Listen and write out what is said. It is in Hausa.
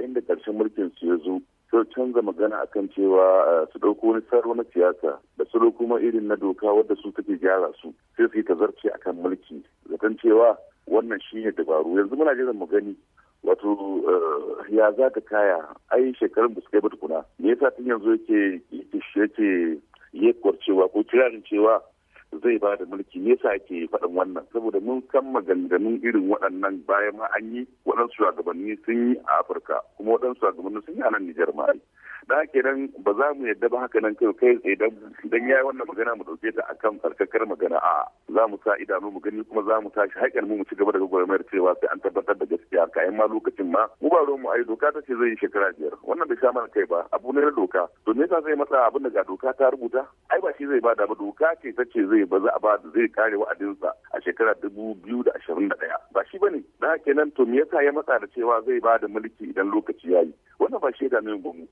yayin da ƙarshen mulkin su ya zo so canza magana akan cewa su ɗauko wani tsaro na siyasa da su kuma irin na doka wadda su take gyara su sai su yi a akan mulki zaton cewa wannan shi ne dabaru yanzu muna jiran mu gani wato ya za ta kaya ai shekarun da suka yi ba tukuna me yasa tun yanzu yake yake yake cewa ko kirarin cewa zai ba da mulki me yasa ake faɗin wannan saboda mun san maganganun irin waɗannan bayan ma an yi waɗansu shugabanni sun yi a Afirka kuma waɗansu shugabanni sun yi a nan Nijar ma da kenan ba za mu yadda ba haka nan kai kai idan dan yayi wannan magana mu dauke ta akan tsarkakar magana a za mu sa idanu mu gani kuma za mu tashi haƙƙin mu mu ci gaba da gwagwarmayar cewa sai an tabbatar da gaske. yayin ma lokacin ma mu ba ruwan mu ai doka ta ce zai yi shekara biyar wannan bai sha mana kai ba abu ne na doka to me yasa zai masa abin da ga doka ta rubuta ai ba shi zai bada ba doka ce ta ce zai ba za a ba zai kare sa a shekara dubu biyu da ashirin da ɗaya ba shi bane da kenan to me yasa ya matsa da cewa zai ba da mulki idan lokaci ya yi wannan ba shi da gwamnati